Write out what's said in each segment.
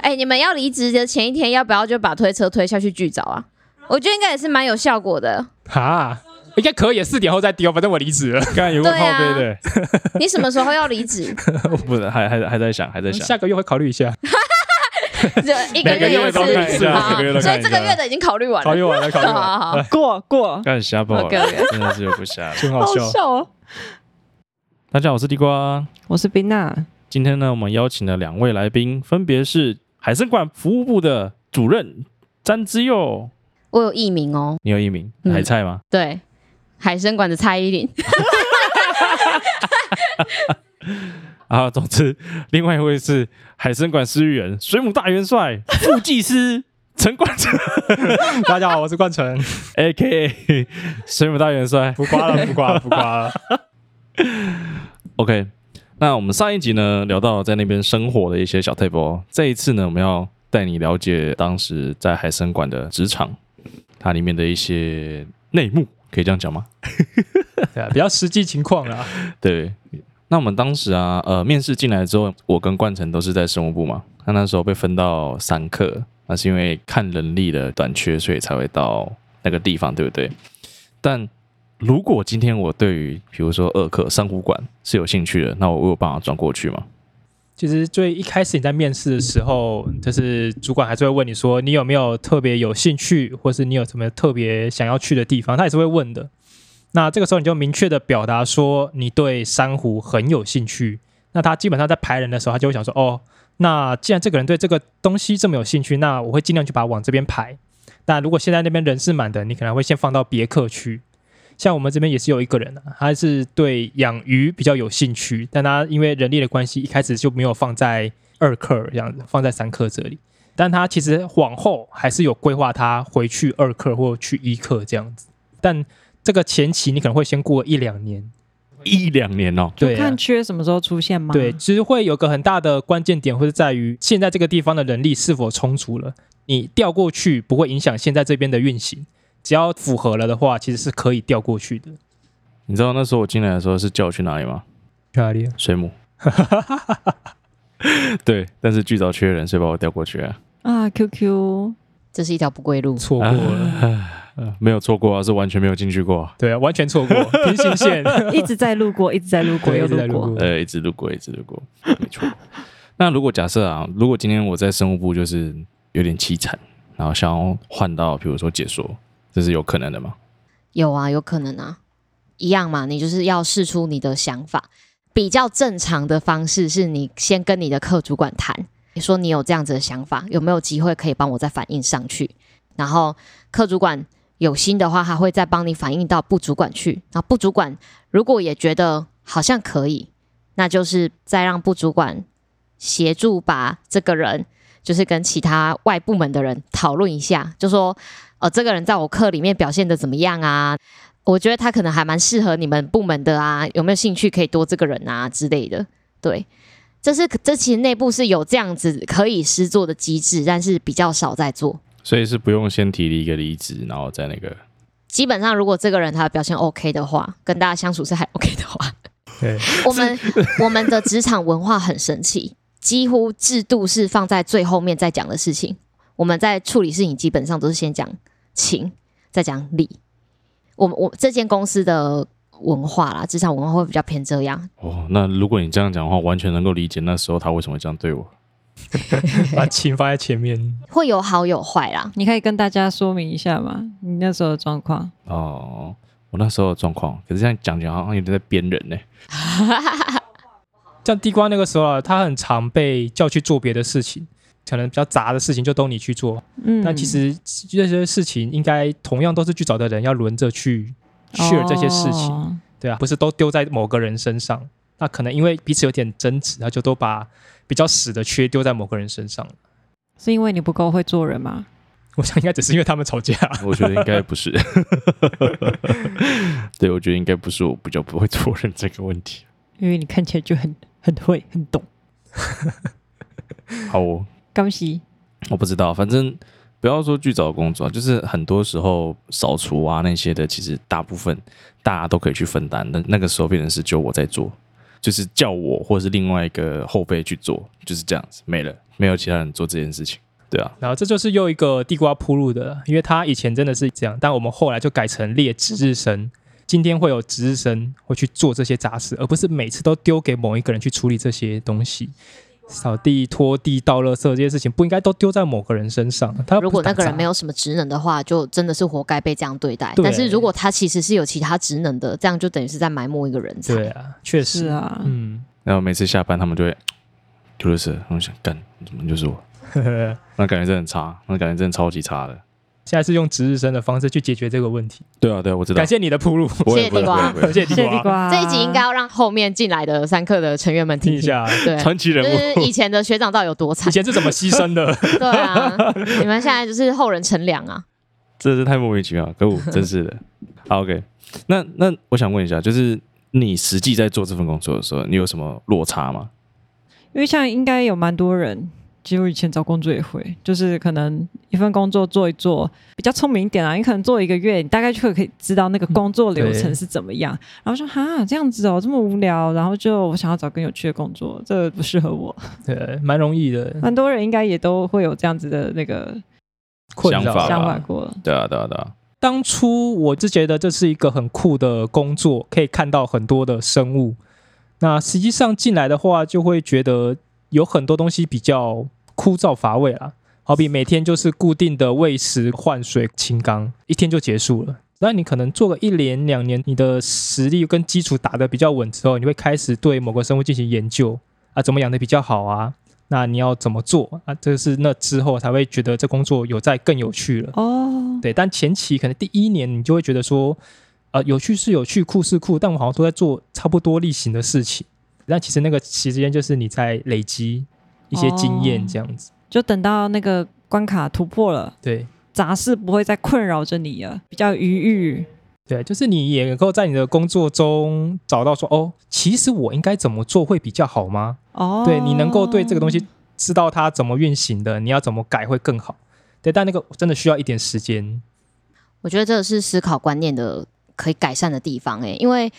哎，你們要離職的前一天，要不要就把推車推下去劇照啊？我覺得應該也是蠻有效果的。哈，應該可以。四點後再丟，反正我離職了。剛剛有個咖啡對。你什麼時候要離職？不是，還還還在想，還在想。下個月會考慮一下。哈哈哈。就一個月會考慮一下，所以這個月的已經考慮完了。考慮完了，考慮完了。過過。幹啥不好幹？真的是又不瞎，真好笑。大家好，我是地瓜，我是冰娜。今天呢，我們邀請了兩位來賓，分別是海生館服務部的主任詹之佑，我有藝名哦，你有藝名、嗯、海菜嗎？對，海生館的蔡依林。 啊，總之，另外一位是海生館飼養員水母大元帥副技師陳 程冠成。 大家好，我是冠成，A.K.A. 水母大元帥，不誇了，不誇了，不誇了。 OK。那我們上一集呢，聊到在那邊生活的一些小 tips，這一次呢，我們要帶你了解當時在海生館的職場，它裡面的一些內幕，可以這樣講嗎？ 比較實際情況啊。對，那我們當時啊，呃，面試進來之後，我跟冠城都是在生物部嘛，那那時候被分到三課，那是因為看人力的短缺，所以才會到那個地方，對不對？但如果今天我對於比如說二課珊瑚館是有興趣的，那我，我有辦法轉過去嗎？其實最一開始你在面試的時候，就是主管還是會問你說你有沒有特別有興趣，或是你有什麼特別想要去的地方，他也是會問的。那這個時候你就明確的表達說你對珊瑚很有興趣。那他基本上在排人的時候，他就會想說哦，那既然這個人對這個東西這麼有興趣，那我會盡量去把他往這邊排。但如果現在那邊人是滿的，你可能會先放到別的課去。像我們這邊也是有一個人的、啊，他是對養魚比較有興趣，但他因為人力的關係，一開始就沒有放在二克這樣子，放在三克這裡。但他其實往後還是有規劃，他回去二克或去一克這樣子。但這個前期你可能會先過一兩年，一兩年哦，對、啊，看缺什麼時候出現嗎？對，其實會有個很大的關鍵點，會是在於現在這個地方的人力是否充足了，你調過去不會影響現在這邊的運行。只要符合了的話，其實是可以調過去的。你知道那時候我進來的時候是叫我去哪裡嗎？去哪裡？水母。 對，但是最早缺人，所以把我調過去啊。啊，Q Q，這是一條不歸路，錯過了、啊，沒有錯過啊，是完全沒有進去過。對啊，完全錯過。平行線 一直在路過，一直在路過，對又路過、呃，一直路過，一直路過，沒錯。 那如果假設啊，如果今天我在生物部就是有點淒慘，然後想要換到，比如說解說。這是有可能的嗎？有啊，有可能啊，一樣嘛。你就是要試出你的想法，比較正常的方式是你先跟你的課主管談，你說你有這樣子的想法，有沒有機會可以幫我再反映上去？然後課主管有心的話，他會再幫你反映到部主管去。那部主管如果也覺得好像可以，那就是再讓部主管協助把這個人。就是跟其他外部門的人討論一下，就說，呃，這個人在我課裡面表現得怎麼樣啊？我覺得他可能還蠻適合你們部門的啊，有沒有興趣可以多這個人啊之類的？對，這是這其實內部是有這樣子可以施作的機制，但是比較少在做。所以是不用先提離一個離職，然後再那個。基本上，如果這個人他的表現 OK 的話，跟大家相處是還 OK 的話，Okay. 我們是 我們的職場文化很神奇。幾乎制度是放在最後面再講的事情，我們在處理事情基本上都是先講情，再講理。我們我這間公司的文化啦，職場文化會比較偏這樣。哦，那如果你這樣講的話，完全能夠理解那時候他為什麼會這樣對我。 把情放在前面， 會有好有壞啦。你可以跟大家說明一下嗎？你那時候的狀況。哦，我那時候的狀況，可是這樣講起來好像有點在編人呢、欸。 像地瓜那個時候，他很常被叫去做別的事情，可能比較雜的事情就都你去做。嗯。但其實這些事情應該同樣都是去找的人要輪着去 share 這些事情，哦、對啊，不是都丟在某個人身上。那可能因為彼此有點爭執，他就都把比較死的缺丟在某個人身上。是因為你不夠會做人嗎？我想應該只是因為他們吵架，我覺得應該不是。 對，我覺得應該不是我比較不會做人這個問題。因為你看起來就很。很會，很懂。 好哦，恭喜！我不知道，反正不要說去找工作，就是很多時候掃除啊那些的，其實大部分大家都可以去分擔。那那個時候變成是就我在做，就是叫我或者是另外一個後輩去做，就是這樣子沒了，沒有其他人做這件事情。對啊，然後這就是又一個地瓜鋪路的，因為他以前真的是這樣，但我們後來就改成列值日生。今天會有值日生會去做這些雜事，而不是每次都丟給某一個人去處理這些東西。掃地、拖地、倒垃圾這些事情不應該都丟在某個人身上。他如果那個人沒有什麼職能的話，就真的是活該被這樣對待。對啊，但是如果他其實是有其他職能的，這樣就等於是在埋沒一個人才。對啊，確實啊，啊嗯。然後每次下班，他們就會就這事，想幹怎麼就是我， 那感覺真的很差，那感覺真的超級差的。現在是用值日生的方式去解決這個問題。對啊，對啊，我知道。感謝你的鋪路，不會 謝謝地瓜，不會不會謝謝地瓜。這一集應該要讓後面進來的三課的成員們聽,聽,聽一下，對，傳奇人物，以前的學長到底有多慘，以前是怎麼犧牲的？ 對啊， 你們現在就是後人乘涼啊，真是太莫名其妙，可惡，真是的。OK，那那我想問一下，就是你實際在做這份工作的時候，你有什麼落差嗎？因為像應該有蠻多人。其實我以前找工作也會，就是可能一份工作做一做，比較聰明一點啊，你可能做一個月，你大概就會可以知道那個工作流程是怎麼樣。對然後說哈、啊、這樣子哦，這麼無聊，然後就我想要找更有趣的工作，這個，不適合我。對，蠻容易的。很多人應該也都會有這樣子的那個想法想法過。對啊，對啊，對啊。當初我就覺得這是一個很酷的工作，可以看到很多的生物。那實際上進來的話，就會覺得有很多東西比較。枯燥乏味啦，好比每天就是固定的餵食、換水、清缸，一天就結束了。那你可能做個一年、兩年，你的實力跟基礎打得比較穩之後，你會開始對某個生物進行研究啊，怎麼養得比較好啊？那你要怎麼做啊？這、就是那之後才會覺得這工作有在更有趣了哦。Oh. 對，但前期可能第一年你就會覺得說，呃，有趣是有趣，酷是酷，但我們好像都在做差不多例行的事情。但其實那個期間就是你在累積。一些經驗這樣子。哦，就等到那個關卡突破了，對，雜事不會再困擾着你了，比較愉悅。對，就是你也能夠在你的工作中找到說，哦，其實我應該怎麼做會比較好嗎？哦，對，你能夠對這個東西知道它怎麼運行的，你要怎麼改會更好。對，但那個真的需要一點時間。我覺得這是思考觀念的可以改善的地方哎，欸，因為。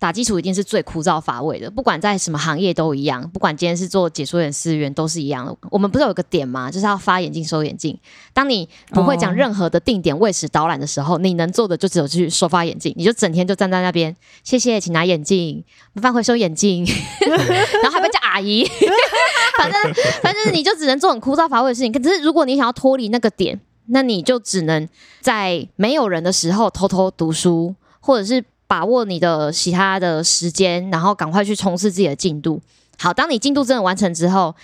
打基礎一定是最枯燥乏味的，不管在什麼行業都一樣。不管今天是做解說員、司儀員，都是一樣的。我們不是有一個點嗎？就是要發眼鏡、收眼鏡。當你不會講任何的定點位置導覽的時候，oh. 你能做的就只有去收發眼鏡，你就整天就站在那邊，謝謝，請拿眼鏡，麻煩回收眼鏡，然後還被叫阿姨。反正反正你就只能做很枯燥乏味的事情。可是如果你想要脫離那個點，那你就只能在沒有人的時候偷偷讀書，或者是。把握你的其他的時間，然後趕快去衝刺自己的進度。好，當你進度真的完成之後，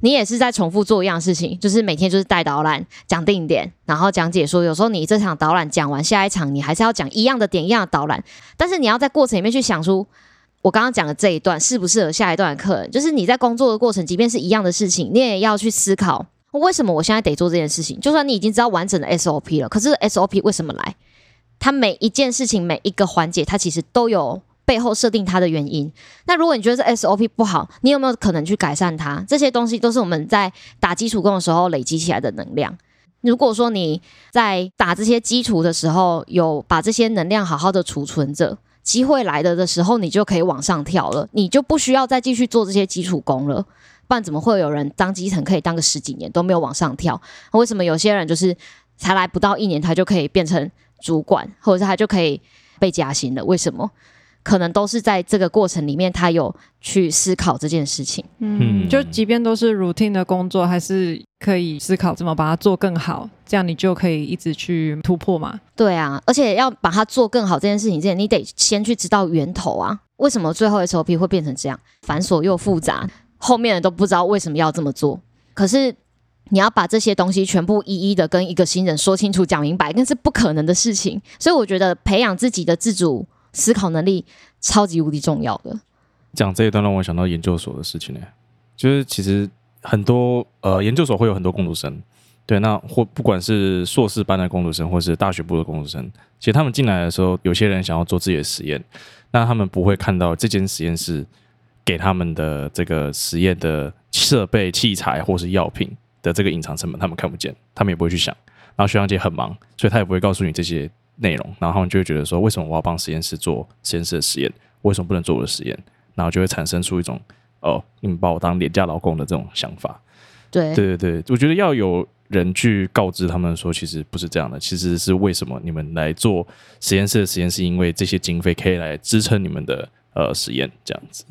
你也是在重複做一樣的事情，就是每天就是帶導覽講定點，然後講解說，有時候你這場導覽講完，下一場你還是要講一樣的點，一樣的導覽，但是你要在過程裡面去想出，我剛剛講的這一段適不適合下一段的客人，就是你在工作的過程，即便是一樣的事情，你也要去思考為什麼我現在得做這件事情。就算你已經知道完整的 SOP 了，可是 SOP 為什麼來？它每一件事情，每一個環節，它其實都有背後設定它的原因。那如果你覺得這 SOP 不好，你有沒有可能去改善它？這些東西都是我們在打基礎工的時候累積起來的能量。如果說你在打這些基礎的時候，有把這些能量好好的儲存着，機會來了的時候，你就可以往上跳了，你就不需要再繼續做這些基礎工了。不然怎麼會有人當基層可以當個十幾年都沒有往上跳？為什麼有些人就是才來不到一年，他就可以變成？主管，或者是他就可以被加薪了？為什麼？可能都是在這個過程裡面，他有去思考這件事情。嗯，就即便都是 routine 的工作，還是可以思考怎麼把它做更好，這樣你就可以一直去突破嘛。對啊，而且要把它做更好這件事情之前，件你得先去知道源頭啊。為什麼最後 SOP 會變成這樣繁瑣又複雜？後面人都不知道為什麼要這麼做，可是，你要把這些東西全部一一的跟一個新人說清楚、講明白，那是不可能的事情。所以我覺得培養自己的自主思考能力，超級無敵重要的。講這一段讓我想到研究所的事情呢、欸，就是其實很多呃研究所會有很多工讀生，對，那或不管是碩士班的工讀生，或是大學部的工讀生，其實他們進來的時候，有些人想要做自己的實驗，那他們不會看到這間實驗室給他們的這個實驗的設備、器材或是藥品。的這個隱藏成本他們看不見，他們也不會去想。然後學長姐很忙，所以他也不會告訴你這些內容。然後他們就會覺得說，為什麼我要幫實驗室做實驗室的實驗？為什麼不能做我的實驗？然後就會產生出一種哦，你們把我當廉價勞工的這種想法。對對對對，我覺得要有人去告知他們說，其實不是這樣的，其實是為什麼你們來做實驗室的實驗，是因為這些經費可以來支撐你們的呃實驗這樣子。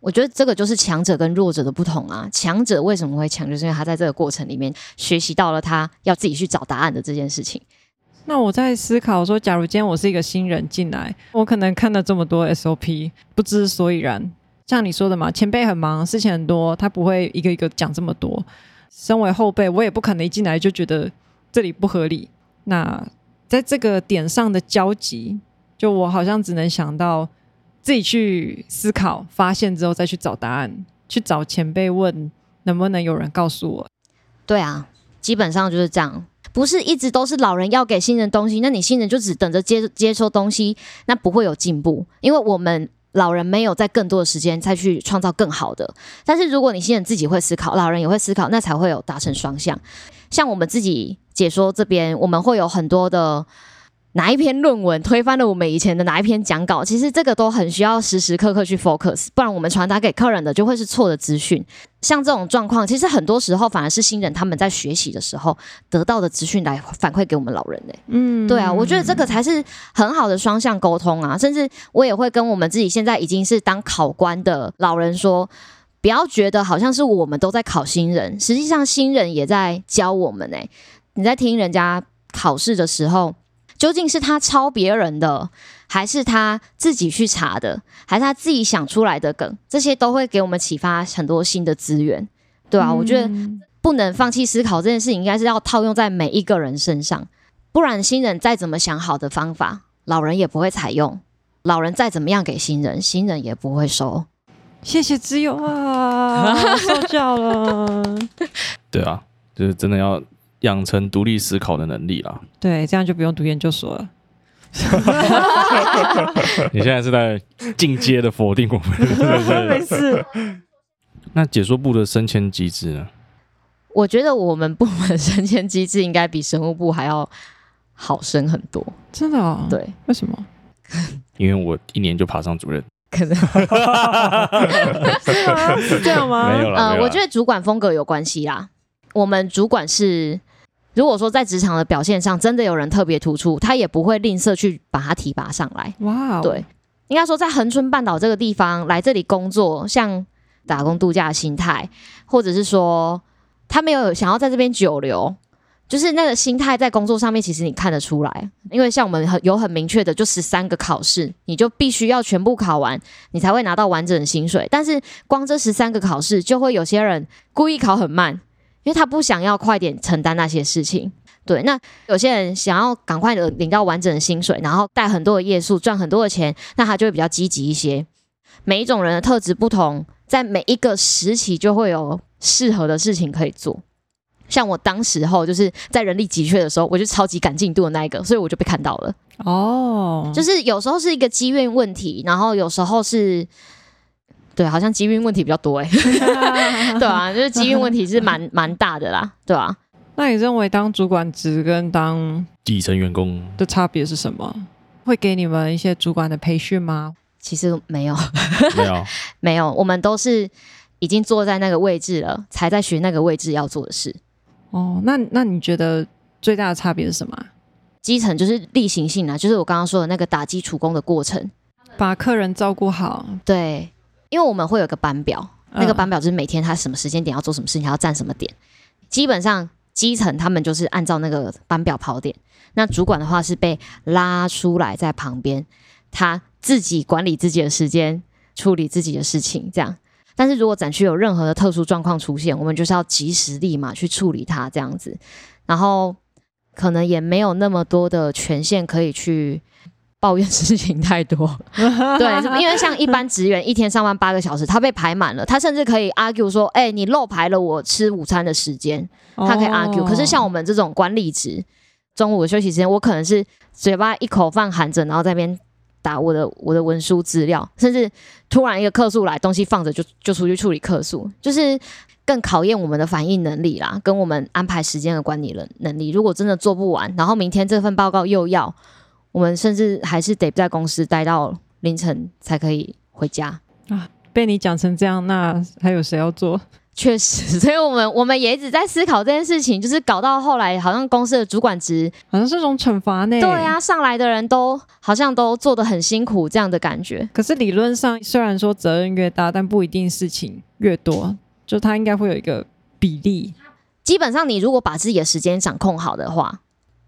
我覺得這個就是強者跟弱者的不同啊！強者為什麼會強？就是因為他在這個過程裡面學習到了，他要自己去找答案的這件事情。那我在思考說，假如今天我是一個新人進來，我可能看了這麼多 SOP，不知所以然。像你說的嘛，前輩很忙，事情很多，他不會一個一個講這麼多。身為後輩，我也不可能一進來就覺得這裡不合理。那在這個點上的交集，就我好像只能想到。自己去思考，發現之後再去找答案，去找前輩問，能不能有人告訴我？對啊，基本上就是這樣，不是一直都是老人要給新人東西，那你新人就只等着接接收東西，那不會有進步，因為我們老人沒有在更多的時間才去創造更好的。但是如果你新人自己會思考，老人也會思考，那才會有達成雙向。像我們自己解說這邊，我們會有很多的。哪一篇論文推翻了我們以前的哪一篇講稿？其實這個都很需要時時刻刻去 focus，不然我們傳達給客人的就會是錯的資訊。像這種狀況，其實很多時候反而是新人他們在學習的時候得到的資訊來反饋給我們老人呢、欸。嗯，對啊，我覺得這個才是很好的雙向溝通啊。嗯、甚至我也會跟我們自己現在已經是當考官的老人說，不要覺得好像是我們都在考新人，實際上新人也在教我們呢、欸。你在聽人家考試的時候。究竟是他抄別人的，還是他自己去查的，還是他自己想出來的梗？這些都會給我們啟發很多新的資源，對啊，嗯、我覺得不能放棄思考這件事情，應該是要套用在每一個人身上，不然新人再怎麼想好的方法，老人也不會採用；老人再怎麼樣給新人，新人也不會收。謝謝自由啊，受教 了。 對啊，就是真的要。養成獨立思考的能力啦，對，這樣就不用讀研究所了。你現在是在進階的否定我們，是不是？沒事。那解說部的升遷機制呢？我覺得我們部門升遷機制應該比生物部還要好升很多，真的。對，為什麼？因為我一年就爬上主任。可是，這樣嗎？沒有了。呃，我覺得主管風格有關係啦。我們主管是。如果說在職場的表現上真的有人特別突出，他也不會吝嗇去把他提拔上來。哇 Wow，對，應該說在恆春半島這個地方來這裡工作，像打工度假的心態，或者是說他沒有想要在這邊久留，就是那個心態在工作上面其實你看得出來。因為像我們很有很明確的，就十三個考試，你就必須要全部考完，你才會拿到完整的薪水。但是光這十三個考試，就會有些人故意考很慢。因為他不想要快點承擔那些事情，對。那有些人想要趕快的領到完整的薪水，然後帶很多的夜數，賺很多的錢，那他就會比較積極一些。每一種人的特質不同，在每一個時期就會有適合的事情可以做。像我當時候就是在人力急缺的時候，我就超級趕進度的那一個，所以我就被看到了。哦，oh. 就是有時候是一個機緣問題，然後有時候是。對，好像機運問題比較多哎， 對啊，就是機運問題是蠻蠻 大的啦，對啊，那你認為當主管職跟當底層員工的差別是什麼？會給你們一些主管的培訓嗎？其實沒有，沒有， 沒有，我們都是已經坐在那個位置了，才在學那個位置要做的事。哦，那那你覺得最大的差別是什麼？基層就是例行性啊，就是我剛剛說的那個打基礎工的過程，把客人照顧好，對。因為我們會有一個班表，那個班表就是每天他什麼時間點要做什麼事情，還要站什麼點。基本上基層他們就是按照那個班表跑點，那主管的話是被拉出來在旁邊，他自己管理自己的時間，處理自己的事情這樣。但是如果展區有任何的特殊狀況出現，我們就是要及時立馬去處理它這樣子，然後可能也沒有那麼多的權限可以去。抱怨事情太多， 對，因為像一般職員一天上班八個小時，他被排滿了，他甚至可以 argue 說，哎、欸，你漏排了我吃午餐的時間。他可以 argue，哦可是像我們這種管理職，中午休息時間我可能是嘴巴一口飯含着，然後在那邊打我的我的文書資料，甚至突然一個客訴來，東西放着就就出去處理客訴，就是更考驗我們的反應能力啦，跟我們安排時間的管理能能力。如果真的做不完，然後明天這份報告又要。我們甚至還是得不在公司待到凌晨才可以回家啊！被你講成這樣，那還有誰要做？確實，所以我們我們也一直在思考這件事情，就是搞到後來，好像公司的主管職好像是這種懲罰呢。對呀、啊，上來的人都好像都做得很辛苦，這樣的感覺。可是理論上，雖然說責任越大，但不一定事情越多，就他應該會有一個比例。基本上，你如果把自己的時間掌控好的話，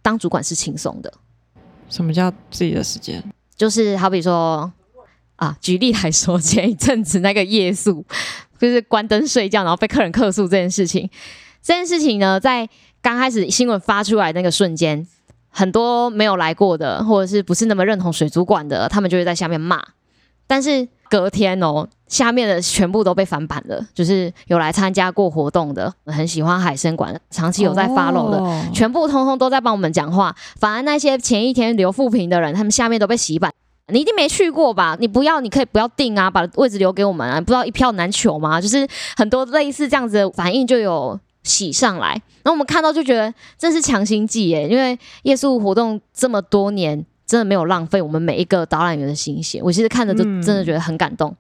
當主管是輕鬆的。什麼叫自己的時間？就是好比說，啊，舉例來說，前一陣子那個夜宿，就是關燈睡覺，然後被客人客訴這件事情，這件事情呢，在剛開始新聞發出來那個瞬間，很多沒有來過的，或者是不是那麼認同水族館的，他們就會在下面罵。但是隔天哦。下面的全部都被翻版了，就是有來參加過活動的，很喜歡海生館，長期有在 follow 的，oh. 全部通通都在幫我們講話。反而那些前一天留負評的人，他們下面都被洗版。你一定沒去過吧？你不要，你可以不要訂啊，把位置留給我們啊，不知道一票難求嗎？就是很多類似這樣子的反應就有洗上來。然後我們看到就覺得這是強心劑耶，因為夜宿活動這麼多年，真的沒有浪費我們每一個導覽員的心血。我其實看着就真的覺得很感動。嗯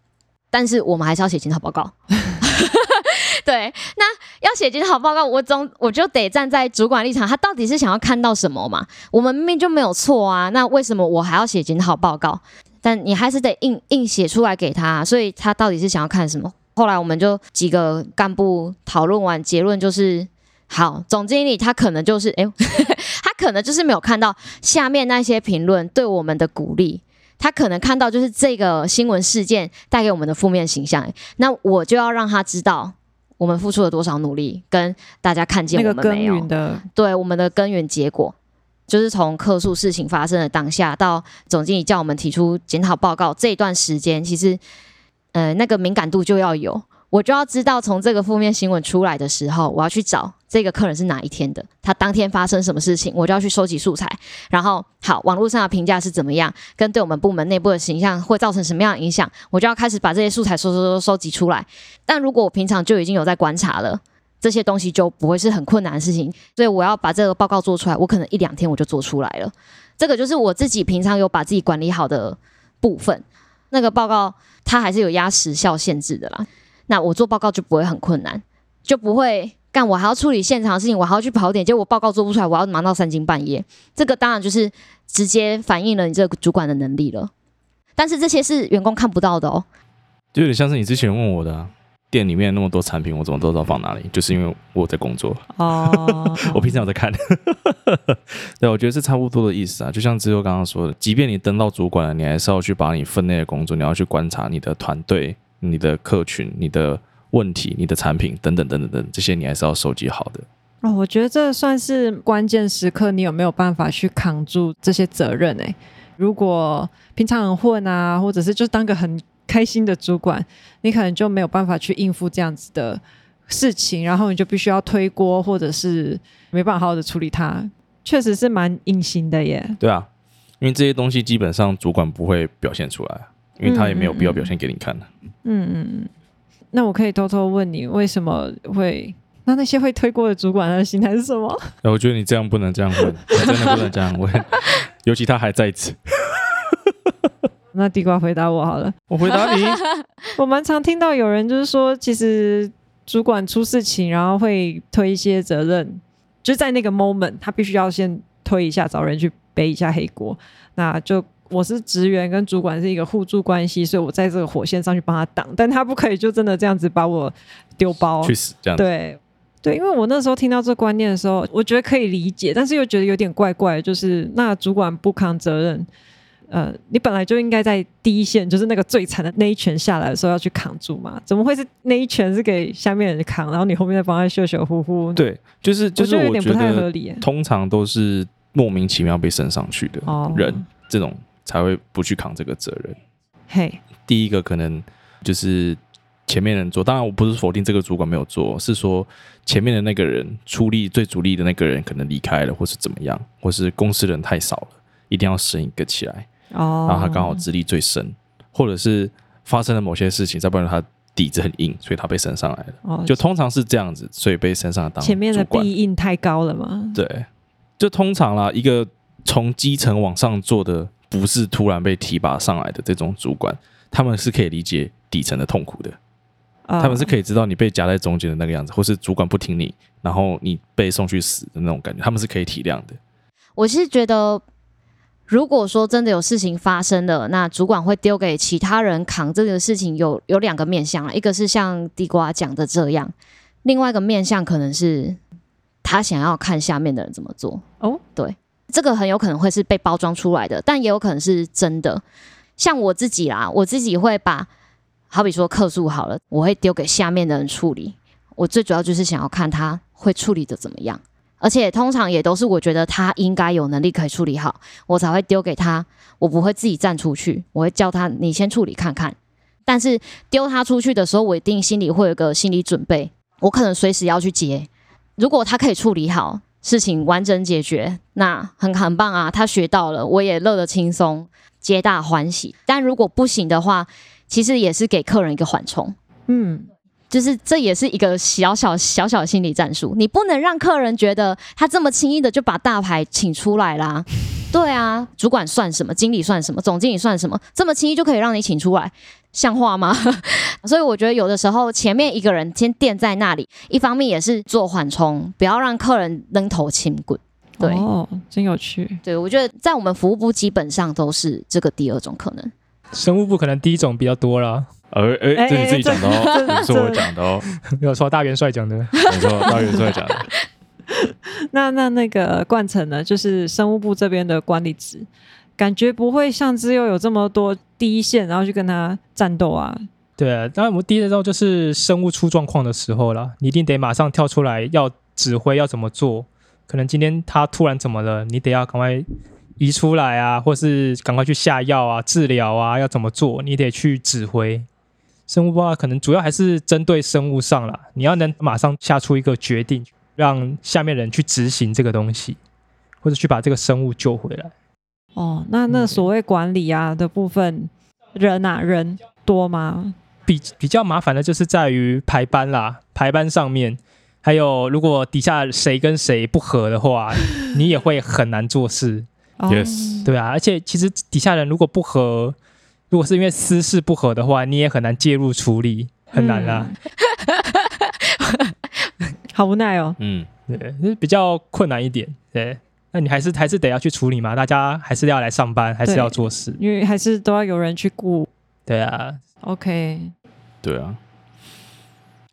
但是我們還是要寫檢討報告， 對，那要寫檢討報告，我總我就得站在主管立場，他到底是想要看到什麼嘛？我們明明就沒有錯啊，那為什麼我還要寫檢討報告？但你還是得硬硬寫出來給他，所以他到底是想要看什麼？後來我們就幾個幹部討論完，結論就是，好，總經理他可能就是，哎、欸， 他可能就是沒有看到下面那些評論對我們的鼓勵。他可能看到就是這個新聞事件帶給我們的負面形象，那我就要讓他知道我們付出了多少努力，跟大家看見我們沒有的。對，我們的耕耘結果就是從客訴事情發生的當下到總經理叫我們提出檢討報告這段時間，其實，呃，那個敏感度就要有。我就要知道從這個負面新聞出來的時候，我要去找這個客人是哪一天的，他當天發生什麼事情，我就要去收集素材。然後，好，網絡上的評價是怎麼樣，跟對我們部門內部的形象會造成什麼樣的影響，我就要開始把這些素材收收收收收集出來。但如果我平常就已經有在觀察了，這些東西就不會是很困難的事情，所以我要把這個報告做出來，我可能一兩天我就做出來了。這個就是我自己平常有把自己管理好的部分。那個報告它還是有壓時效限制的啦。那我做報告就不會很困難，就不會幹我還要處理現場的事情，我還要去跑點，結果我報告做不出來，我要忙到三更半夜。這個當然就是直接反映了你這個主管的能力了。但是這些是員工看不到的哦。就有點像是你之前問我的店裡面那麼多產品，我怎麼都知道放哪裡，就是因為我在工作哦。Oh. 我平常有在看。 對，我覺得是差不多的意思啊。就像之後剛剛說的，即便你登到主管了，你還是要去把你分內的工作，你要去觀察你的團隊。你的客群、你的問題、你的產品等等等等等，這些你還是要收集好的哦。我覺得這算是關鍵時刻，你有沒有辦法去扛住這些責任呢？欸，如果平常很混啊，或者是就當個很開心的主管，你可能就沒有辦法去應付這樣子的事情，然後你就必須要推鍋，或者是沒辦法好好的處理它，確實是蠻隱形的耶。對啊，因為這些東西基本上主管不會表現出來。因為他也沒有必要表現給你看。嗯嗯嗯，那我可以偷偷問你，為什麼會？那那些會推鍋的主管，他的心態是什麼？啊，我覺得你這樣不能這樣問， 真的不能這樣問， 尤其他還在此。 那地瓜回答我好了。我回答你， 我蠻常聽到有人就是說，其實主管出事情，然後會推一些責任，就在那個 moment，他必須要先推一下，找人去背一下黑鍋，那就。我是職員，跟主管是一個互助關係，所以我在這個火線上去幫他擋，但他不可以就真的這樣子把我丟包，去死這樣子。對對，因為我那時候聽到這觀念的時候，我覺得可以理解，但是又覺得有點怪怪，就是那主管不扛責任，呃，你本來就應該在第一線，就是那個最慘的那一拳下來的時候要去扛住嘛，怎麼會是那一拳是給下面人扛，然後你後面再幫他秀秀呼呼？對，就是就是我覺得有點不太合理。通常都是莫名其妙被升上去的人，哦、這種。才會不去扛這個責任。嘿，Hey, 第一個可能就是前面人做，當然我不是否定這個主管沒有做，是說前面的那個人出力最主力的那個人可能離開了，或是怎麼樣，或是公司人太少了，一定要升一個起來。哦，oh, 然後他剛好資歷最深，或者是發生了某些事情，再不然他底子很硬，所以他被升上來了。哦，oh, 就通常是這樣子，所以被升上來當主管。前面的壁硬太高了嘛，對，就通常啦，一個從基層往上做的。不是突然被提拔上來的這種主管，他們是可以理解底層的痛苦的，uh、他們是可以知道你被夾在中間的那個樣子，或是主管不聽你，然後你被送去死的那種感覺，他們是可以體諒的。我是覺得，如果說真的有事情發生了，那主管會丟給其他人扛這個事情有，有有兩個面向，一個是像地瓜講的這樣，另外一個面向可能是他想要看下面的人怎麼做。哦，oh? 對。這個很有可能會是被包裝出來的，但也有可能是真的。像我自己啦，我自己會把好比說客訴好了，我會丟給下面的人處理。我最主要就是想要看他會處理的怎麼樣，而且通常也都是我覺得他應該有能力可以處理好，我才會丟給他。我不會自己站出去，我會叫他你先處理看看。但是丟他出去的時候，我一定心裡會有個心理準備，我可能隨時要去接。如果他可以處理好。事情完整解決，那很很棒啊！他學到了，我也樂得輕鬆，皆大歡喜。但如果不行的話，其實也是給客人一個緩衝，嗯，就是這也是一個小小小小的心理戰術。你不能讓客人覺得他這麼輕易的就把大牌請出來啦。對啊，主管算什麼？經理算什麼？總經理算什麼？這麼輕易就可以讓你請出來。像話嗎？ 所以我覺得有的時候前面一個人先墊在那裡，一方面也是做緩衝，不要讓客人扔頭傾滾。對、哦，真有趣。對，我覺得在我們服務部基本上都是這個第二種可能。生物部可能第一種比較多啦。呃、欸，你、欸、自己講的哦，不、欸欸、是我講的,的哦，沒有錯大元帥講的，沒錯，大元帥講的。的 那那那個冠城呢，就是生物部這邊的管理職。感覺不會像只有有這麼多第一線，然後去跟他戰鬥啊？對啊，當然我們第一的時候就是生物出狀況的時候了，你一定得馬上跳出來要指揮要怎麼做。可能今天他突然怎麼了，你得要趕快移出來啊，或是趕快去下藥啊、治療啊，要怎麼做？你得去指揮。生物報告可能主要還是針對生物上了，你要能馬上下出一個決定，讓下面人去執行這個東西，或者去把這個生物救回來。哦，那那所謂管理啊的部分，嗯、人啊人多嗎？比比較麻煩的就是在於排班啦，排班上面，還有如果底下誰跟誰不合的話， 你也會很難做事。Yes，、哦、對啊，而且其實底下人如果不合，如果是因為私事不合的話，你也很難介入處理，很難啦。嗯、 好無奈哦。嗯，對，比較困難一點，對。那你還是還是得要去處理嘛，大家還是要來上班，還是要做事，因為還是都要有人去顧。對啊，OK，對啊。哎 Okay、啊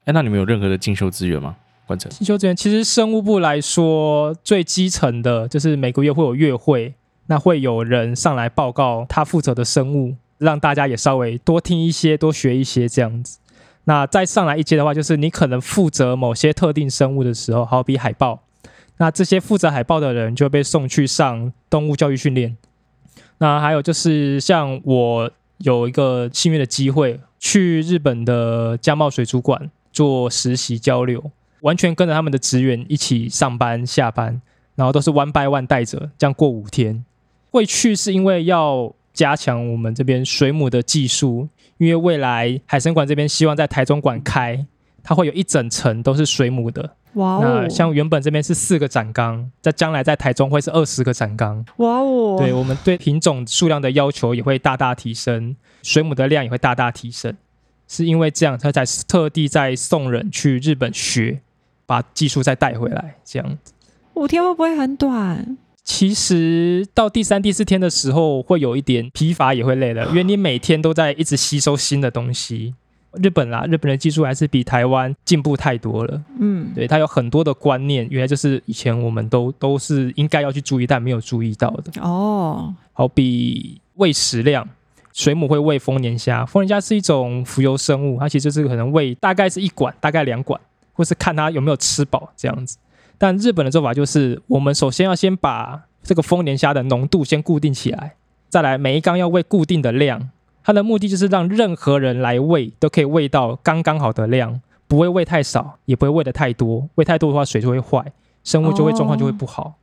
欸，那你們有任何的進修資源嗎？完成進修資源，其實生物部來說最基層的，就是每個月會有月會，那會有人上來報告他負責的生物，讓大家也稍微多聽一些，多學一些這樣子。那再上來一階的話，就是你可能負責某些特定生物的時候，好比海豹。那這些負責海報的人就被送去上動物教育訓練。那還有就是，像我有一個幸運的機會，去日本的加茂水族館做實習交流，完全跟着他們的職員一起上班下班，然後都是 one by one 帶着，這樣過五天。會去是因為要加強我們這邊水母的技術，因為未來海生館這邊希望在台中館開，它會有一整層都是水母的。哇哦！Wow. 那像原本這邊是四個展缸，在將來在台中會是二十個展缸。哇哦 Wow.！對，我們對品種數量的要求也會大大提升，水母的量也會大大提升。是因為這樣，他才特地在送人去日本學，把技術再帶回來，這樣子。五天會不會很短？其實到第三、第四天的時候，會有一點疲乏，也會累了，因為你每天都在一直吸收新的東西。日本啦、啊，日本的技術還是比台灣進步太多了。嗯，對，它有很多的觀念，原來就是以前我們都都是應該要去注意，但沒有注意到的。哦，好比餵食量，水母會餵豐年蝦，豐年蝦是一種浮游生物，它其實是可能餵大概是一管，大概兩管，或是看它有沒有吃飽這樣子。但日本的做法就是，我們首先要先把這個豐年蝦的濃度先固定起來，再來每一缸要餵固定的量。它的目的就是讓任何人來餵都可以餵到剛剛好的量，不會餵太少，也不會餵得太多。餵太多的話，水就會壞，生物就會狀況就會不好。哦、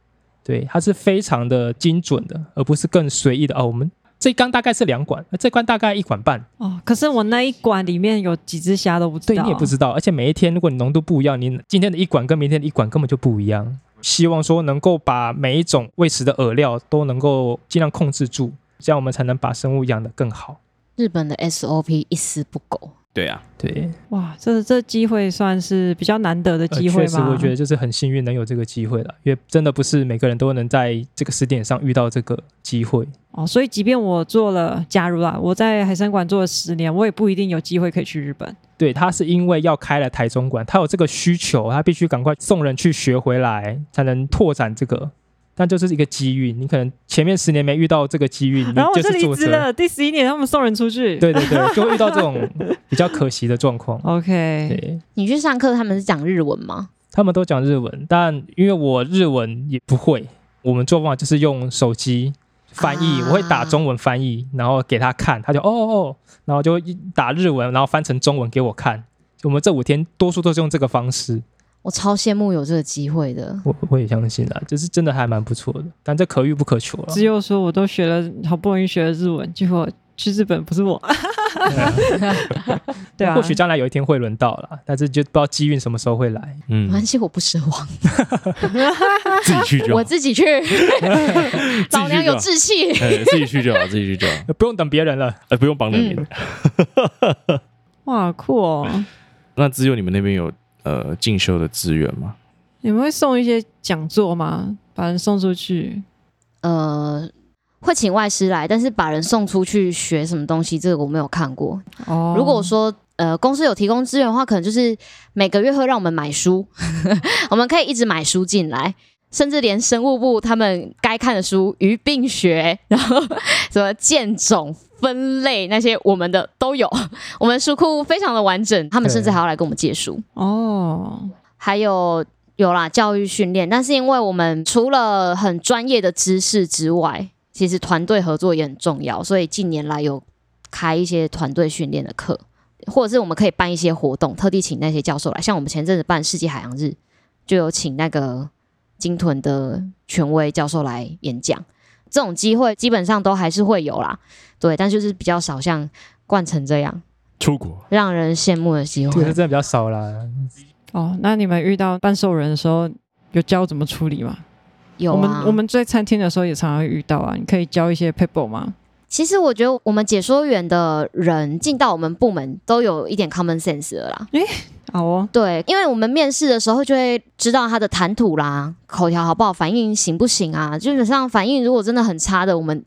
對，它是非常的精準的，而不是更隨意的啊、哦。我們這一缸大概是兩管，這一缸大概一管半。哦，可是我那一管裡面有幾隻蝦都不知道。對，你也不知道。而且每一天，如果你濃度不一樣，你今天的一管跟明天的一管根本就不一樣。希望說能夠把每一種餵食的餌料都能夠盡量控制住，這樣我們才能把生物養得更好。日本的 SOP 一絲不苟。對啊，對，哇，這這機會算是比較難得的機會嗎？呃，確實，我覺得就是很幸運能有這個機會了，因為真的不是每個人都能在這個時點上遇到這個機會。哦，所以即便我做了，假如啊，我在海生館做了十年，我也不一定有機會可以去日本。對，他是因為要開了台中館，他有這個需求，他必須趕快送人去學回來，才能拓展這個。但就是一個機遇，你可能前面十年沒遇到這個機遇，你就是離職了。第十一年，他們送人出去，對對對，就會遇到這種比較可惜的狀況。OK，你去上課他們是講日文嗎？他們都講日文，但因為我日文也不會，我們做法就是用手機翻譯，啊、我會打中文翻譯，然後給他看，他就哦哦哦，然後就打日文，然後翻成中文給我看。我們這五天多數都是用這個方式。我超羨慕有這個機會的，我我也相信啦，就是真的還蠻不錯的，但這可遇不可求了。只有說我都學了，好不容易學了日文，結果去日本不是我，對啊，或許將來有一天會輪到了，但是就不知道機運什麼時候會來。嗯，反正我不奢望，自己去就好，我自己去，老娘有志氣，自己去就好，自己去就好，不用等別人了，呃，不用幫你。哇，酷哦！那只有你們那邊有。呃，進修的資源嗎？你們會送一些講座嗎？把人送出去，呃，會請外師來，但是把人送出去學什麼東西，這個我沒有看過。哦，如果說呃，公司有提供資源的話，可能就是每個月會讓我們買書， 我們可以一直買書進來。甚至連生物部他們該看的書《魚病學》，然後什麼鑑種分類那些，我們的都有。我們書庫非常的完整，他們甚至還要來跟我們借書哦。Oh. 還有有啦，教育訓練，但是因為我們除了很專業的知識之外，其實團隊合作也很重要，所以近年來有開一些團隊訓練的課，或者是我們可以辦一些活動，特地請那些教授來。像我們前陣子辦世界海洋日，就有請那個。金屯的權威教授來演講，這種機會基本上都還是會有啦，對，但就是比較少像冠成這樣出國，讓人羨慕的機會。對，這比較少啦。 哦，那你們遇到半獸人的時候，有教怎麼處理嗎？有、啊，我們我們在餐廳的時候也常常會遇到啊。你可以教一些撇步嗎？其實我覺得我們解說員的人進到我們部門，都有一點 common sense 了啦。哦，oh. 對，因為我們面試的時候就會知道他的談吐啦、口條好不好、反應行不行啊。基本上反應如果真的很差的，我們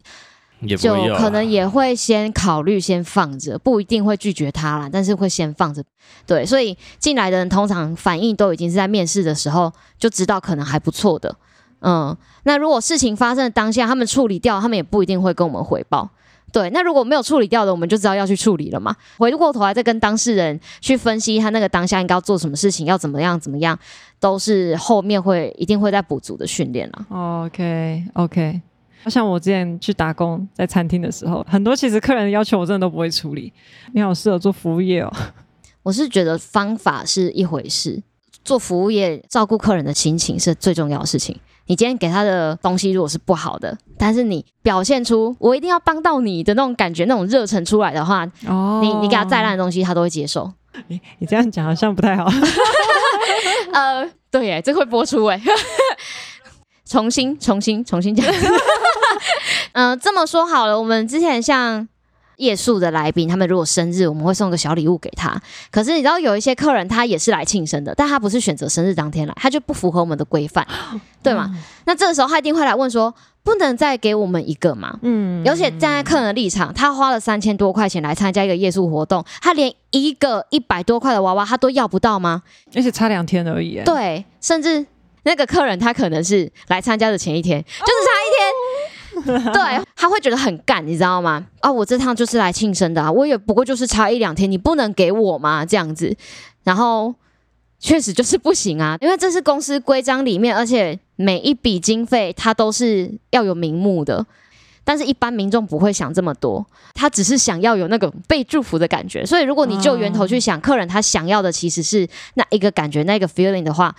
就可能也會先考慮先放着，也不會用啊，不一定會拒絕他啦，但是會先放着。對，所以進來的人通常反應都已經是在面試的時候就知道可能還不錯的。嗯，那如果事情發生的當下他們處理掉，他們也不一定會跟我們回報。對，那如果沒有處理掉的，我們就知道要去處理了嘛。回過頭來再跟當事人去分析他那個當下應該要做什麼事情，要怎麼樣怎麼樣，都是後面會一定會再補足的訓練了啊。OK OK，像我之前去打工在餐廳的時候，很多其實客人的要求我真的都不會處理。你好適合做服務業哦。我是覺得方法是一回事，做服務業照顧客人的心情是最重要的事情。你今天給他的東西如果是不好的，但是你表現出我一定要幫到你的那種感覺，那種熱忱出來的話，哦，你你給他再爛的東西，他都會接受。你你這樣講好像不太好。 呃，對耶，這個會播出耶 重新重新重新講。嗯，這麼說好了，我們之前像。夜宿的來賓，他們如果生日，我們會送個小禮物給他。可是你知道，有一些客人他也是來慶生的，但他不是選擇生日當天來，他就不符合我們的規範，對嗎？嗯、那這個時候他一定會來問說：不能再給我們一個嗎？嗯。而且站在客人的立場，他花了三千多塊錢來參加一個夜宿活動，他連一個一百多塊的娃娃他都要不到嗎？而且差兩天而已、欸。對，甚至那個客人他可能是來參加的前一天，哦、就是他。 對他會覺得很乾，你知道嗎？啊、哦，我這趟就是來慶生的，啊，我也不過就是差一兩天，你不能給我嗎？這樣子，然後確實就是不行啊，因為這是公司規章裡面，而且每一筆經費它都是要有名目的，但是一般民眾不會想這麼多，他只是想要有那個被祝福的感覺。所以，如果你就源頭去想，啊、客人他想要的其實是那一個感覺，那一個 feeling 的話，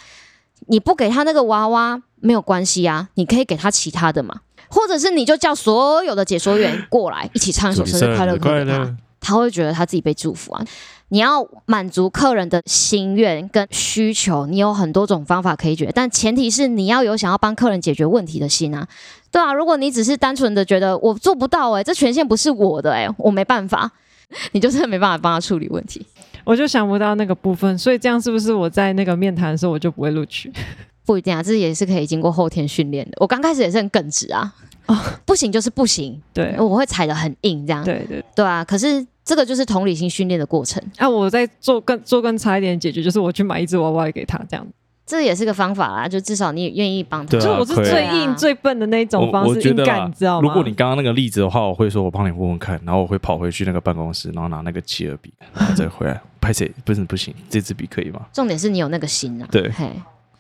你不給他那個娃娃沒有關係啊，你可以給他其他的嘛。或者是你就叫所有的解說員過來一起唱一首生日快樂歌給他樂他會覺得他自己被祝福啊。你要滿足客人的心願跟需求，你有很多種方法可以解決，但前提是你要有想要幫客人解決問題的心啊，對啊，如果你只是單純的覺得我做不到、欸，哎，這權限不是我的、欸，哎，我沒辦法， 你就是沒辦法幫他處理問題。我就想不到那個部分，所以這樣是不是我在那個面談的時候我就不會錄取？ 不一定啊，這也是可以經過後天訓練的。我剛開始也是很耿直啊，oh. 不行就是不行。對，我會踩得很硬，這樣。對對對啊！可是這個就是同理心訓練的過程。啊，我再做更做更差一點的解決，就是我去買一支娃娃給他，這樣。這也是個方法啦、啊，就至少你也願意幫他。就我是最硬以最笨的那一種方式，覺啊、你敢知道嗎？如果你剛剛那個例子的話，我會說我幫你問問看，然後我會跑回去那個辦公室，然後拿那個企鵝筆，然後再回來拍謝？ 不是不行，這支筆可以嗎？重點是你有那個心啊。對。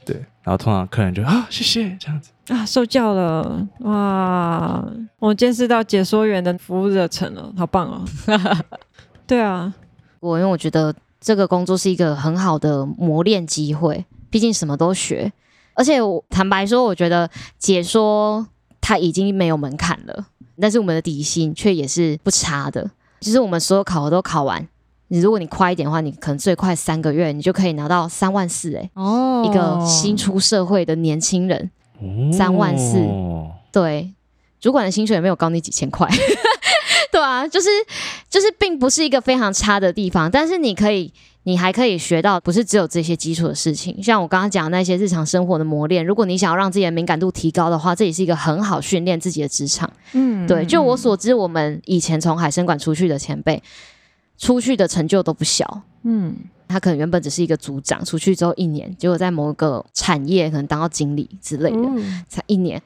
對，然後通常客人就啊、哦，謝謝這樣子啊，受教了哇！我見識到解說員的服務熱忱了，好棒哦。 對啊，我因為我覺得這個工作是一個很好的磨練機會，畢竟什麼都學。而且我坦白說，我覺得解說它已經沒有門檻了，但是我們的底薪卻也是不差的。其實我們所有考核都考完，你如果你快一點的話，你可能最快三個月，你就可以拿到三萬四誒、欸，哦，oh. 一個新出社會的年輕人，三、oh. 萬四，對，主管的薪水也沒有高你幾千塊， 對啊，就是就是，並不是一個非常差的地方，但是你可以，你還可以學到，不是只有這些基礎的事情，像我剛剛講的那些日常生活的磨練，如果你想要讓自己的敏感度提高的話，這也是一個很好訓練自己的職場，嗯、mm，hmm. 對，就我所知，我們以前從海生館出去的前輩。出去的成就都不小，嗯，他可能原本只是一個組長，出去之後一年，結果在某個產業可能當到經理之類的，嗯、才一年，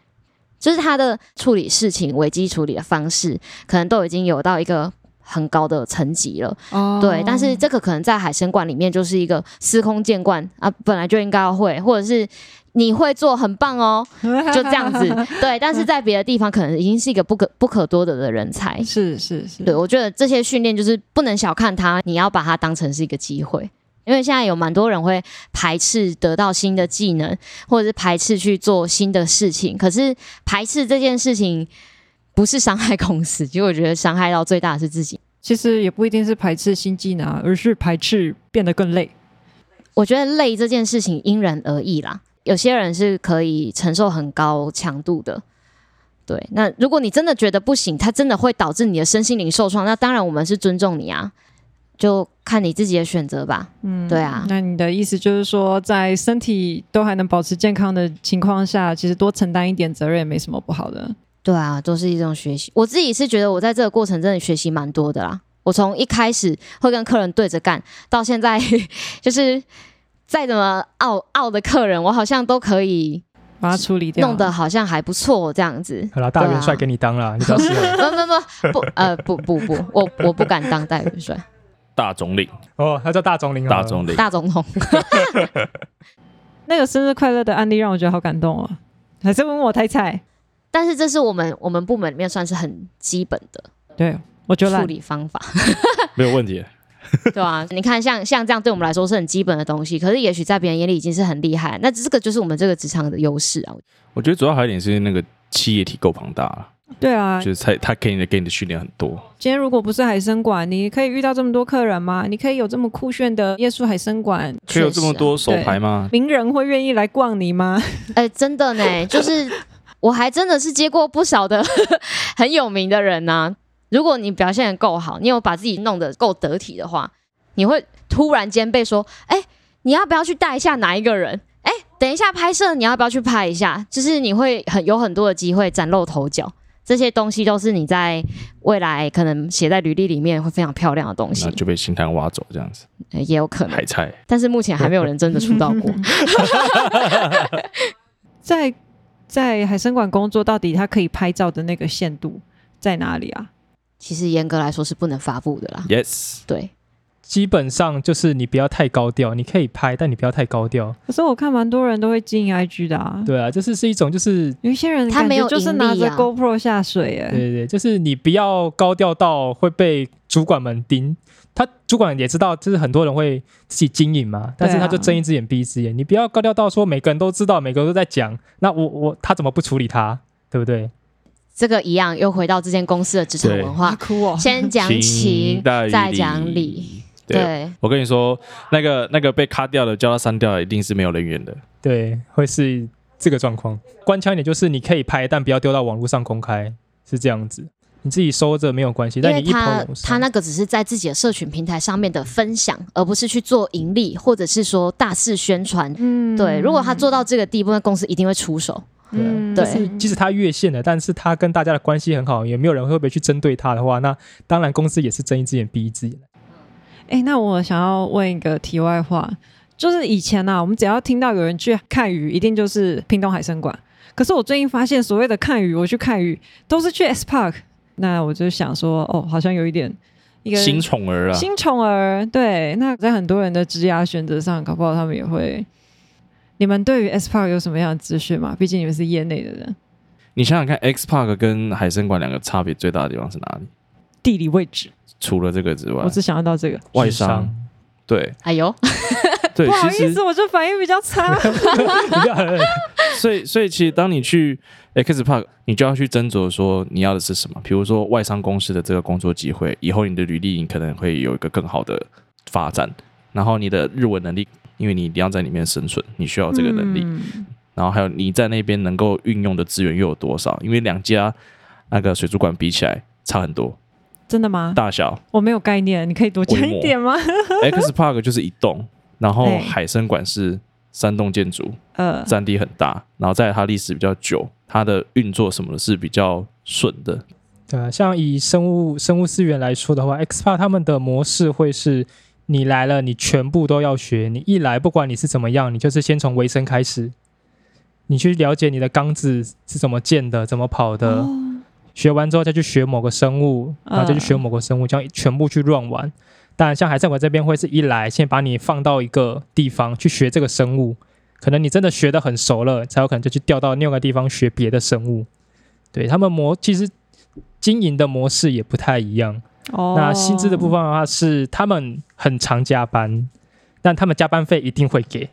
就是他的處理事情、危機處理的方式，可能都已經有到一個很高的層級了。哦，對，但是這個可能在海生館裡面就是一個司空見慣啊，本來就應該會，或者是。你會做很棒哦，就這樣子。 對，但是在別的地方可能已經是一個不可不可多得的人才。是是是，對我覺得這些訓練就是不能小看他，你要把它當成是一個機會，因為現在有蠻多人會排斥得到新的技能，或者是排斥去做新的事情。可是排斥這件事情不是傷害公司，其實我覺得傷害到最大的是自己。其實也不一定是排斥新技能啊，而是排斥變得更累。我覺得累這件事情因人而異啦。有些人是可以承受很高強度的，對。那如果你真的覺得不行，它真的會導致你的身心靈受創，那當然我們是尊重你啊，就看你自己的選擇吧。嗯，對啊。那你的意思就是說，在身體都還能保持健康的情況下，其實多承擔一點責任也沒什麼不好的。對啊，都是一種學習。我自己是覺得我在這個過程真的學習蠻多的啦。我從一開始會跟客人對着幹，到現在 就是。再怎麼傲傲的客人，我好像都可以把他處理掉、啊，弄得好像還不錯這樣子。好啦，大元帥給你當了，啊、你倒是。 不、呃、不不不呃不不不，我我不敢當大元帥。大總領哦，他叫大總領。大總領。大總統。 那個生日快樂的案例讓我覺得好感動啊！還是問我太菜，但是這是我們我們部門裡面算是很基本的。對，我覺得處理方法 沒有問題。 對啊，你看像，像像這樣對我們來說是很基本的東西，可是也許在別人眼裡已經是很厲害。那這個就是我們這個職場的優勢啊。我覺得主要還有一點是那個企業體夠龐大對啊，就是他他給你的給你的訓練很多。今天如果不是海生館，你可以遇到這麼多客人嗎？你可以有這麼酷炫的耶穌海生館？啊、可以有這麼多手牌嗎？名人會願意來逛你嗎？哎、 欸，真的呢，就是我還真的是接過不少的 很有名的人呢、啊。如果你表現得夠好，你有把自己弄得夠得體的話，你會突然間被說：“哎，你要不要去帶一下哪一個人？”“哎，等一下拍攝，你要不要去拍一下？”就是你會很有很多的機會嶄露頭角。這些東西都是你在未來可能寫在履歷裡面會非常漂亮的東西。那就被星探挖走這樣子，也有可能。海菜。但是目前還沒有人真的出道過。在在海生館工作，到底他可以拍照的那個限度在哪裡啊？其實嚴格來說是不能發布的啦。Yes，對，基本上就是你不要太高調，你可以拍，但你不要太高調。可是我看蠻多人都會經營 IG 的啊。對啊，就是是一種，就是有些人他沒有，就是拿着 GoPro 下水哎。啊、對，對對，就是你不要高調到會被主管們盯。他主管也知道，就是很多人會自己經營嘛，但是他就睜一只眼閉一只眼。啊、你不要高調到說每個人都知道，每個人都在講，那我我他怎麼不處理他？對不對？這個一樣，又回到這間公司的職場文化。對先講情，請再講理。理，對，對我跟你說，那個那個被卡掉了，叫他刪掉了，一定是沒有人員的。對，會是這個狀況。官腔一點，就是你可以拍，但不要丟到網絡上公開，是這樣子。你自己收着沒有關係，因為他但你一他他那個只是在自己的社群平台上面的分享，嗯，而不是去做盈利，或者是說大肆宣傳。嗯，對，如果他做到這個地步，那公司一定會出手。對、啊，嗯、但是即使他越線了，但是他跟大家的關係很好，也沒有人會不會去針對他的話，那當然公司也是睜一只眼閉一只眼。哎、嗯欸，那我想要問一個題外話，就是以前呢、啊，我們只要聽到有人去看魚，一定就是屏東海生館。可是我最近發現，所謂的看魚，我去看魚都是去 Xpark。那我就想說，哦，好像有一點一個新寵兒啊，新寵兒。對，那在很多人的職業選擇上，搞不好他們也會。你們對於 X Park 有什麼樣的資訊嗎？畢竟你們是業內的人。你想想看，X Park 跟海生館兩個差別最大的地方是哪裡？地理位置。除了這個之外，我只想要到這個外商。商對。哎呦，對， 不好意思， 我就反應比較差。 所以，所以其實當你去 X Park，你就要去斟酌說你要的是什麼。比如說，外商公司的這個工作機會，以後你的履歷你可能會有一個更好的發展。嗯然後你的日文能力，因為你一定要在裡面生存，你需要這個能力。嗯、然後還有你在那邊能夠運用的資源又有多少？因為兩家那個水族館比起來差很多。真的嗎？大小我沒有概念，你可以多講一點嗎 ？X Park 就是一棟，然後海生館是三棟建築，嗯、欸，占地很大，然後再來它歷史比較久，它的運作什麼是比較順的？對啊，像以生物生物資源來說的話，X Park 他們的模式會是。你來了，你全部都要學。你一來，不管你是怎麼樣，你就是先從維生開始，你去了解你的缸子是怎麼建的、怎麼跑的。嗯、學完之後再去學某個生物，嗯、然後再去學某個生物，這樣全部去亂玩。但像海生館這邊會是一來先把你放到一個地方去學這個生物，可能你真的學得很熟了，才有可能就去調到另一個地方學別的生物。對他們模其實經營的模式也不太一樣。那薪資的部分的話是，他們很常加班，但他們加班費一定會給。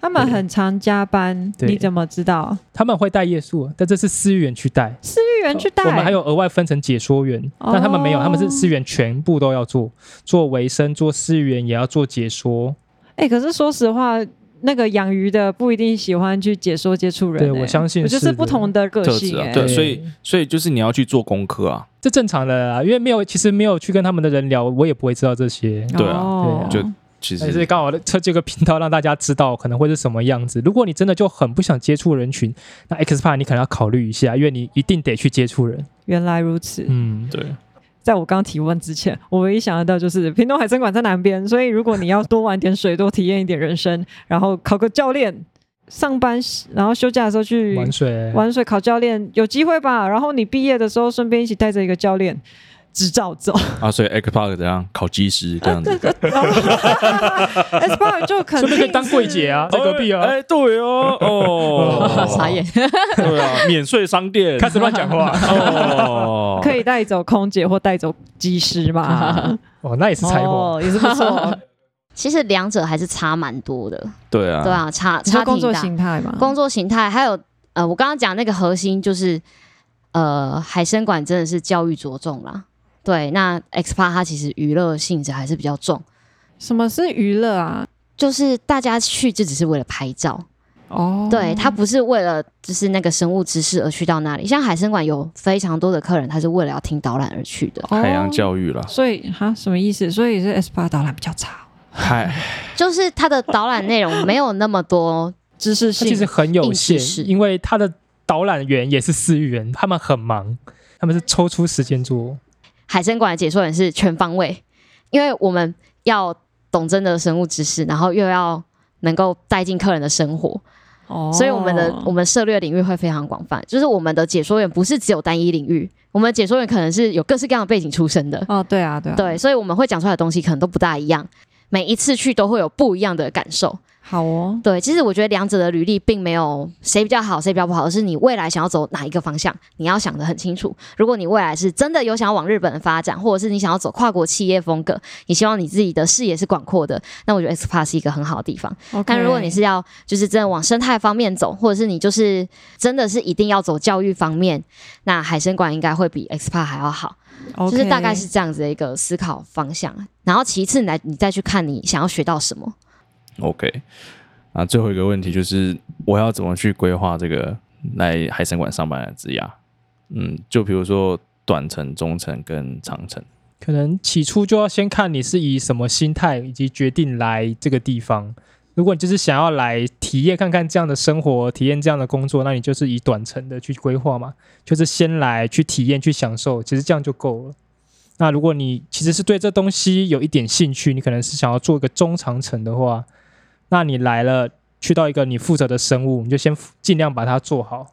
他們很常加班，對你怎麼知道？他們會帶夜宿，但這是飼育員去帶，飼育員去帶。哦，我們還有額外分成解說員，哦、但他們沒有，他們是飼育員全部都要做，做維生做飼育員也要做解說。哎、欸，可是說實話。那個養魚的不一定喜歡去解說接觸人、欸，對，我相信，就是不同的個性、欸啊，對，對，所以所以就是你要去做功課啊，這正常的，啊，因為沒有其實沒有去跟他們的人聊，我也不會知道這些，對啊，對啊，就其實其實剛好扯這個頻道讓大家知道可能會是什麼樣子。如果你真的就很不想接觸人群，那 Xpark 你可能要考慮一下，因為你一定得去接觸人。原來如此，嗯，對。在我剛剛提問之前，我唯一想得到就是屏東海生館在南邊，所以如果你要多玩點水， 多體驗一點人生，然後考個教練，上班然後休假的時候去玩水。玩水考教練有機會吧？然後你畢業的時候順便一起帶着一個教練執照走啊，所以 X Park 怎樣考機師這樣？X Park 就可能可以當櫃姐啊，在隔壁啊。哎，對哦，傻眼，對啊，免稅商店開始亂講話哦，可以帶走空姐或帶走機師嘛。哦，那也是彩虹，也是不錯。其實兩者還是差蠻多的。對啊，對啊，差差挺大。工作型態嘛，工作型態還有呃，我剛剛講那個核心就是呃，海生館真的是教育着重啦。對，那 Xpark 它其實娛樂性質還是比較重。什麼是娛樂啊？就是大家去就只是為了拍照哦。Oh. 對，它不是為了就是那個生物知識而去到那裡。像海生館有非常多的客人，他是為了要聽導覽而去的，海洋教育了。所以它什麼意思？所以是 Xpark 導覽比較差。嗨，Hi. 就是它的導覽內容沒有那麼多知識性知識，其實很有限，因為它的導覽員也是飼養員，他們很忙，他們是抽出時間做。海生館的解說員是全方位，因為我們要懂真的生物知識，然後又要能夠帶進客人的生活，哦，所以我們的我們涉獵領域會非常廣泛，就是我們的解說員不是只有單一領域，我們的解說員可能是有各式各樣的背景出身的，哦，對啊，對啊，對，所以我們會講出來的東西可能都不大一樣。每一次去都會有不一樣的感受，好哦。對，其實我覺得兩者的履歷並沒有誰比較好，誰比較不好，而是你未來想要走哪一個方向，你要想得很清楚。如果你未來是真的有想要往日本發展，或者是你想要走跨國企業風格，你希望你自己的視野是廣闊的，那我覺得 Xpark 是一個很好的地方。Okay 但如果你是要就是真的往生態方面走，或者是你就是真的是一定要走教育方面，那海生館應該會比 Xpark 還要好。就是大概是這樣子的一個思考方向，Okay 然後其次你來你再去看你想要學到什麼。OK，啊，最後一個問題就是我要怎麼去規劃這個來海生館上班的生涯？嗯，就比如說短程、中程跟長程，可能起初就要先看你是以什麼心態以及決定來這個地方。如果你就是想要來體驗看看這樣的生活，體驗這樣的工作，那你就是以短程的去規劃嘛，就是先來去體驗去享受，其實這樣就夠了。那如果你其實是對這東西有一點興趣，你可能是想要做一個中長程的話，那你來了去到一個你負責的生物，你就先盡量把它做好，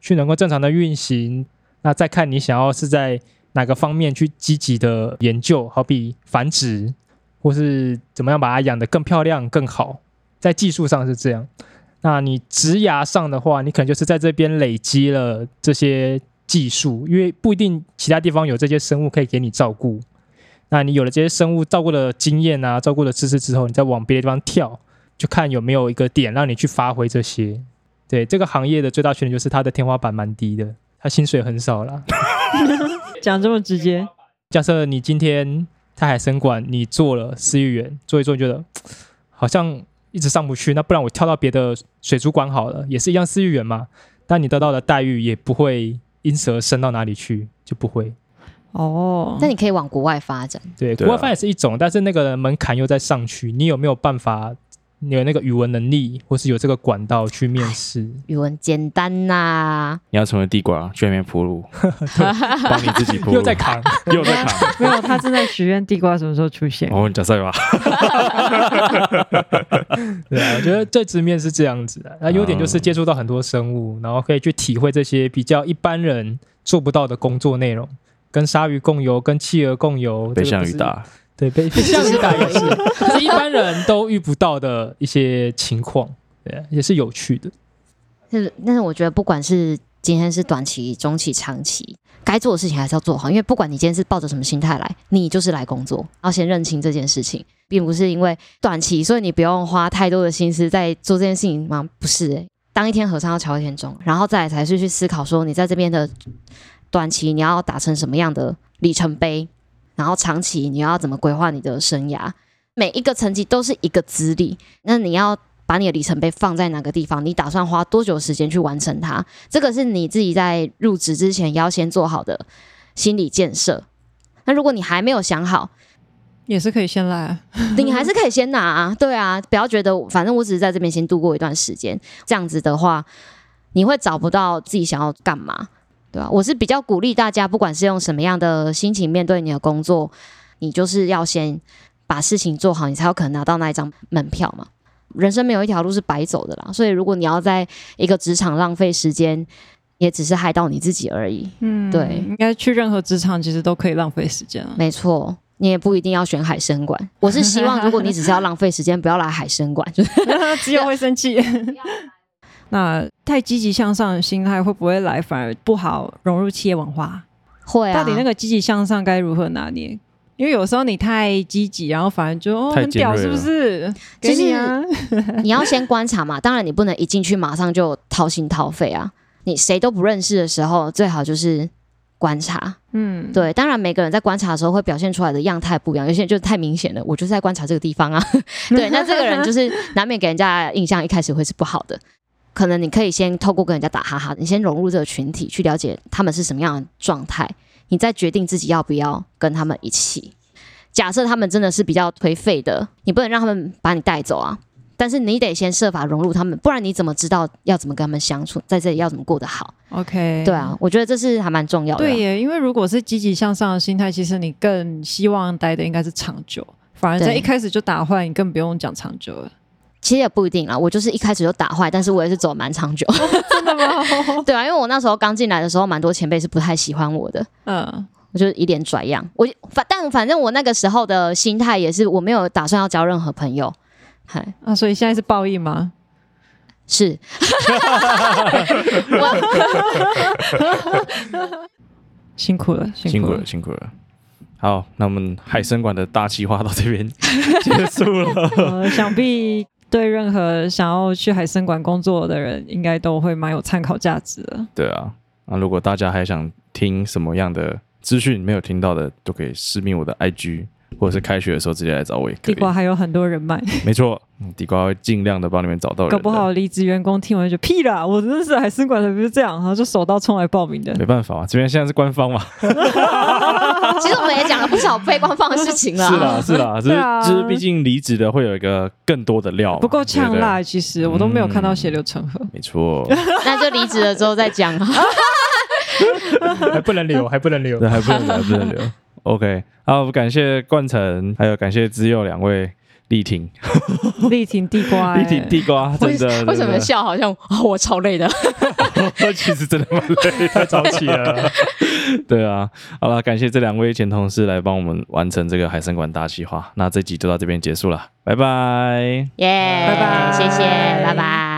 去能夠正常的運行，那再看你想要是在哪個方面去積極的研究，好比繁殖，或是怎麼樣把它養得更漂亮更好。在技術上是這樣，那你職涯上的話，你可能就是在這邊累積了這些技術，因為不一定其他地方有這些生物可以給你照顧。那你有了這些生物照顧的經驗啊，照顧的知識之後，你再往別的地方跳，就看有沒有一個點讓你去發揮這些。對，這個行業的最大缺點就是它的天花板蠻低的，它薪水很少啦。 講這麼直接，假設你今天在海生館，你做了飼育員，做一做你覺得好像。一直上不去，那不然我跳到別的水族館好了，也是一樣飼養員嘛。但你得到的待遇也不會因此而升到哪裡去，就不會。哦，那你可以往國外發展，對，國外發展是一種，啊，但是那個門檻又在上去，你有沒有辦法？你有那個語文能力，或是有這個管道去面試。語文簡單吶、啊。你要成為地瓜，去外面鋪路，幫你自己鋪路。又在扛， 又在扛。沒有， 他正在許願地瓜什麼時候出現。我你腳塞吧。對，我覺得這次面試是這樣子的。那優點就是接觸到很多生物，然後可以去體會這些比較一般人做不到的工作內容，跟鯊魚共游，跟企鵝共游。這個、北向雨大。對，像打遊戲， 是一般人都遇不到的一些情況，對、啊，也是有趣的。是，但是我覺得，不管是今天是短期、中期、長期，該做的事情還是要做好。因為不管你今天是抱着什麼心態來，你就是來工作，要先認清這件事情，並不是因為短期，所以你不用花太多的心思在做這件事情嗎？不是、欸，哎，當一天和尚要敲一天鐘，然後再來才是去思考說，你在這邊的短期你要達成什麼樣的里程碑。然後長期你要怎麼規劃你的生涯？每一個成績都是一個資歷，那你要把你的里程碑放在哪個地方？你打算花多久時間去完成它？這個是你自己在入職之前要先做好的心理建設。那如果你還沒有想好，也是可以先來、啊， 你還是可以先拿啊，對啊，不要覺得反正我只是在這邊先度過一段時間，這樣子的話，你會找不到自己想要幹嘛。對啊，我是比較鼓勵大家，不管是用什麼樣的心情面對你的工作，你就是要先把事情做好，你才有可能拿到那一張門票嘛。人生沒有一條路是白走的啦，所以如果你要在一個職場浪費時間，也只是害到你自己而已。嗯，對，應該去任何職場其實都可以浪費時間啊。沒錯，你也不一定要選海生館。我是希望，如果你只是要浪費時間， 不要來海生館，就只有會生氣、啊。 那太積極向上的心態會不會來反而不好融入企業文化？會啊。到底那個積極向上該如何拿捏？因為有時候你太積極，然後反而就、哦、很屌。是不是？就是、給你啊，你要先觀察嘛。 當然，你不能一進去馬上就掏心掏肺啊。你誰都不認識的時候，最好就是觀察。嗯，對。當然，每個人在觀察的時候會表現出來的樣態不一樣。有些人就是太明顯了，我就是在觀察這個地方啊。 對，那這個人就是難免給人家印象一開始會是不好的。可能你可以先透過跟人家打哈哈，你先融入這個群體，去了解他們是什麼樣的狀態，你再決定自己要不要跟他們一起。假設他們真的是比較頹廢的，你不能讓他們把你帶走啊！但是你得先設法融入他們，不然你怎麼知道要怎麼跟他們相處，在這裡要怎麼過得好？OK，對啊，我覺得這是還蠻重要的。對耶，啊，因為如果是積極向上的心態，其實你更希望待的應該是長久，反而在一開始就打壞，對你更不用講長久了。其實也不一定啦，我就是一開始就打壞，但是我也是走蠻長久。啊，真的嗎？ 對啊，因為我那時候剛進來的時候，蠻多前輩是不太喜歡我的，嗯，我就一臉拽樣，我反但反正我那個時候的心態也是，我沒有打算要交任何朋友，嗨啊，所以現在是報應嗎？是，辛苦了，辛苦了，辛苦了。好，那我們海生館的大企劃到這邊結束了，想必。對任何想要去海生館工作的人，應該都會蠻有參考價值的。對啊，那如果大家還想聽什麼樣的資訊沒有聽到的，都可以私訊我的 IG。或者是開學的時候直接來找我也可以。地瓜還有很多人脈。沒錯，地瓜會盡量的幫你們找到的。搞不好離職員工聽完就屁了，我真的是海生館的，不是這樣，然後就手刀衝來報名的。沒辦法、啊，這邊現在是官方嘛。 其實我們也講了不少非官方的事情了。是啦，是啦，就是就是，畢、啊、竟離職的會有一個更多的料。不夠嗆辣，對對對，其實我都沒有看到血流成河、嗯。沒錯。 那就離職了之後再講 。還不能留，還不能留，還不能留，還不能留。OK，好、啊，我們感謝冠晨還有感謝資佑兩位力挺，力挺地瓜、欸，力挺地瓜，真的，為什麼,的為什麼笑？好像、哦、我超累的，我、哦、其實真的蠻累， 太早起了， 對啊，好了，感謝這兩位前同事來幫我們完成這個海生館大企劃，那這集就到這邊結束了，拜拜，耶，Yeah, 拜拜，謝謝，拜拜。拜拜